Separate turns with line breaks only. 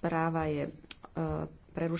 správa je e, prerušená.